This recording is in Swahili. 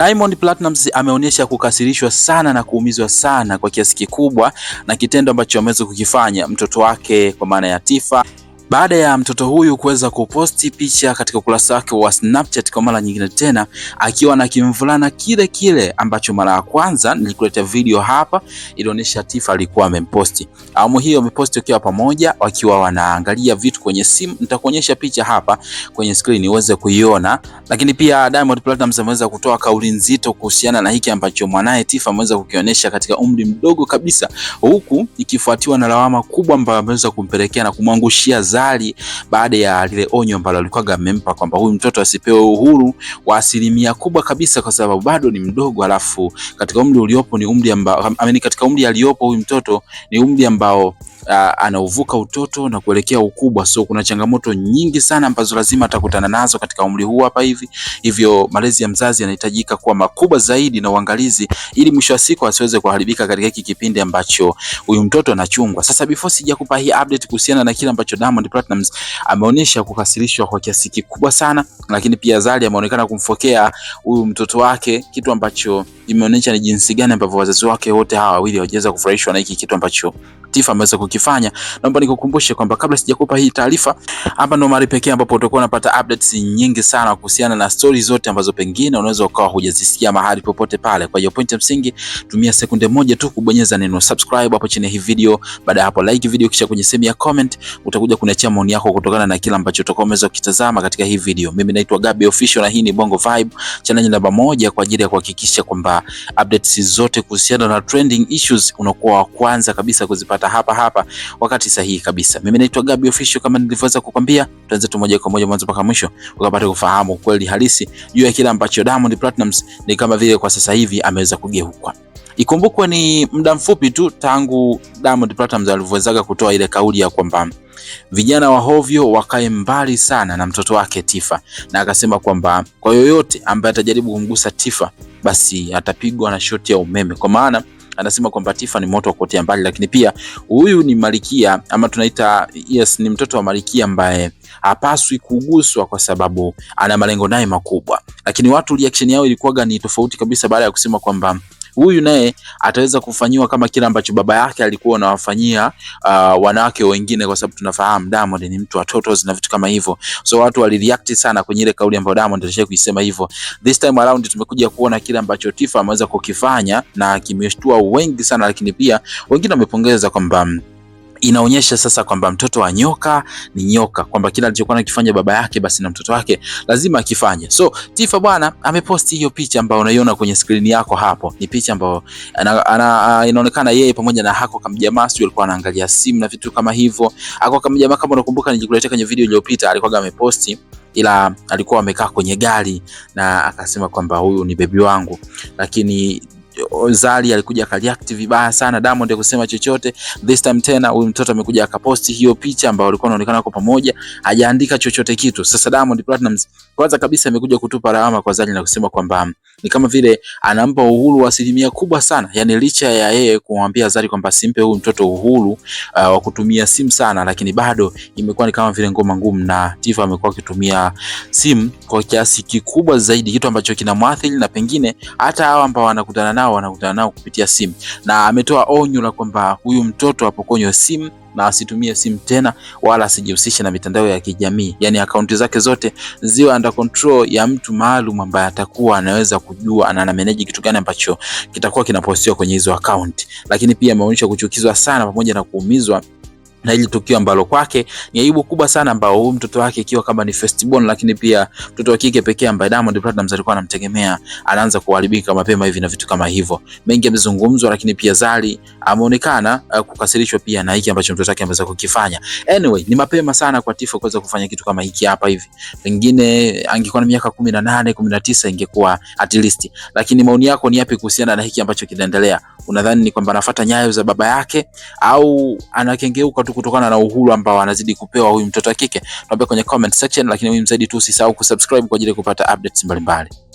Diamond Platnumz ameonyesha kukasirishwa sana na kuumizwa sana kwa kiasi kikubwa na kitendo ambacho ameweza kukifanya mtoto wake kwa maana ya Tifa baada ya mtoto huyu kuweza kuposti picha katika ukurasa wake wa Snapchat kwa mara nyingine tena, akiwa na kimvulana kile kile ambacho mara ya kwanza nilikuleta video hapa, ilionyesha Tifa alikuwa amemposti. Awamu hiyo ameposti wakiwa pamoja, wakiwa wanaangalia vitu kwenye simu. Nitakuonyesha picha hapa kwenye screen uweze kuiona, lakini pia Diamond Platnumz ameweza kutoa kauli nzito kuhusiana na hiki ambacho mwanaye Tifa ameweza kukionyesha katika umri mdogo kabisa, huku ikifuatiwa na lawama kubwa ambayo ameweza kumpelekea na kumwangushia mstari baada ya lile onyo ambalo alikuwa amempa kwamba huyu mtoto asipewe uhuru wa asilimia kubwa kabisa, kwa sababu bado ni mdogo, alafu katika umri uliopo ni umri ambao, katika umri aliopo huyu mtoto ni umri ambao uh, anaovuka utoto na kuelekea ukubwa. So kuna changamoto nyingi sana ambazo lazima atakutana nazo katika umri huu hapa hivi. Hivyo malezi ya mzazi yanahitajika kuwa makubwa zaidi na uangalizi, ili mwisho wa siku asiweze kuharibika katika hiki kipindi ambacho huyu mtoto anachungwa. Sasa before sijakupa hii update kuhusiana na kile ambacho Diamond Platnumz ameonyesha kukasirishwa kwa kiasi kikubwa sana, lakini pia Zari ameonekana kumfokea huyu mtoto wake, kitu ambacho imeonyesha ni jinsi gani ambavyo wazazi wake wote hawa wawili hawajaweza kufurahishwa na hiki kitu ambacho Tifa ameweza kukifanya. Naomba nikukumbushe kwamba kabla sijakupa hii taarifa, hapa ndo mahali pekee ambapo utakuwa unapata updates nyingi sana kuhusiana na stories zote ambazo pengine unaweza ukawa hujazisikia mahali popote pale. Kwa hiyo point msingi, tumia sekunde moja tu kubonyeza neno subscribe hapo chini ya hii video. Baada hapo, like video, kisha kwenye sehemu ya comment utakuja kuniachia maoni yako kutokana na kila ambacho utakuwa umeweza kukitazama katika hii video. Mimi naitwa Gabby Official na hii ni Bongo Vibe channel namba moja kwa ajili ya kuhakikisha kwamba updates zote kuhusiana na trending issues unakuwa wa kwanza kabisa kuzipata kupata hapa hapa wakati sahihi kabisa. Mimi naitwa Gabi Official, kama nilivyoweza kukwambia, tuanze tu moja kwa moja mwanzo mpaka mwisho ukapate kufahamu kweli halisi juu ya kile ambacho Diamond Platnumz ni kama vile kwa sasa hivi ameweza kugeuka. Ikumbukwe ni muda mfupi tu tangu Diamond Platnumz alivyowezaga kutoa ile kauli ya kwamba vijana wa hovyo wakae mbali sana na mtoto wake Tifa, na akasema kwamba kwa yoyote ambaye atajaribu kumgusa Tifa basi atapigwa na shoti ya umeme, kwa maana anasema kwamba Tifa ni moto wa kuotea mbali, lakini pia huyu ni malikia ama tunaita yes, ni mtoto wa malikia ambaye hapaswi kuguswa kwa sababu ana malengo naye makubwa, lakini watu reaction yao ilikuwaga ni tofauti kabisa baada ya kusema kwamba huyu naye ataweza kufanyiwa kama kile ambacho baba yake alikuwa anawafanyia uh, wanawake wengine, kwa sababu tunafahamu Diamond ni mtu wa totos na vitu kama hivyo, so watu walireact sana kwenye ile kauli ambayo Diamond alishia kuisema hivyo. This time around tumekuja kuona kile ambacho Tifa ameweza kukifanya na kimeshtua wengi sana, lakini pia wengine wamepongeza kwamba inaonyesha sasa kwamba mtoto wa nyoka ni nyoka, kwamba kila alichokuwa anakifanya baba yake basi na mtoto wake lazima akifanye. So Tifa bwana ameposti hiyo picha ambayo unaiona kwenye skrini yako hapo, ni picha ambayo inaonekana yeye pamoja na hako kama jamaa sio, alikuwa anaangalia simu na vitu kama hivyo. Hako kama jamaa, kama unakumbuka, nilikuletea kwenye video iliyopita, alikuwa ameposti ila alikuwa amekaa kwenye gari na akasema kwamba huyu ni bebi wangu, lakini Ozali alikuja akareact vibaya sana, Diamond kusema chochote. This time tena huyu mtoto amekuja akaposti hiyo picha ambayo walikuwa wanaonekana kwa pamoja, hajaandika chochote kitu. Sasa Diamond Platinumz kwanza kabisa amekuja kutupa lawama kwa zali na kusema kwamba ni kama vile anampa uhuru wa asilimia kubwa sana, yani licha ya yeye kumwambia Zari kwamba simpe huyu mtoto uhuru uh, wa kutumia simu sana, lakini bado imekuwa ni kama vile ngoma ngumu, na Tifa amekuwa akitumia simu kwa kiasi kikubwa zaidi, kitu ambacho kinamwathiri na pengine hata hawa ambao wanakutana nao wanakutana nao kupitia simu, na ametoa onyo la kwamba huyu mtoto apokonywe simu na asitumie simu tena wala asijihusishe na mitandao ya kijamii. Yani akaunti zake zote ziwe under control ya mtu maalum ambaye atakuwa anaweza kujua ana manage kitu gani ambacho kitakuwa kinapostiwa kwenye hizo akaunti. Lakini pia ameonyesha kuchukizwa sana pamoja na kuumizwa na ile tukio ambalo kwake ni aibu kubwa sana, ambao huyu mtoto wake ikiwa kama ni firstborn, lakini pia mtoto wa kike pekee ambaye Diamond Platnumz alikuwa anamtegemea anaanza kuharibika mapema hivi na vitu kama hivyo. Mengi yamezungumzwa, lakini pia Zari ameonekana uh, kukasirishwa pia na hiki ambacho mtoto wake ameweza kukifanya. Anyway, ni mapema sana kwa Tifa kuweza kufanya kitu kama hiki hapa hivi. Pengine angekuwa na miaka 18, 19 ingekuwa at least. Lakini maoni yako ni yapi kuhusiana na hiki ambacho kinaendelea? Unadhani ni kwamba anafuata nyayo za baba yake au anakengeuka tu kutokana na uhuru ambao anazidi kupewa huyu mtoto wa kike? Tuambie kwenye comment section, lakini muhimu zaidi tu usisahau kusubscribe kwa ajili ya kupata updates mbalimbali. mbali.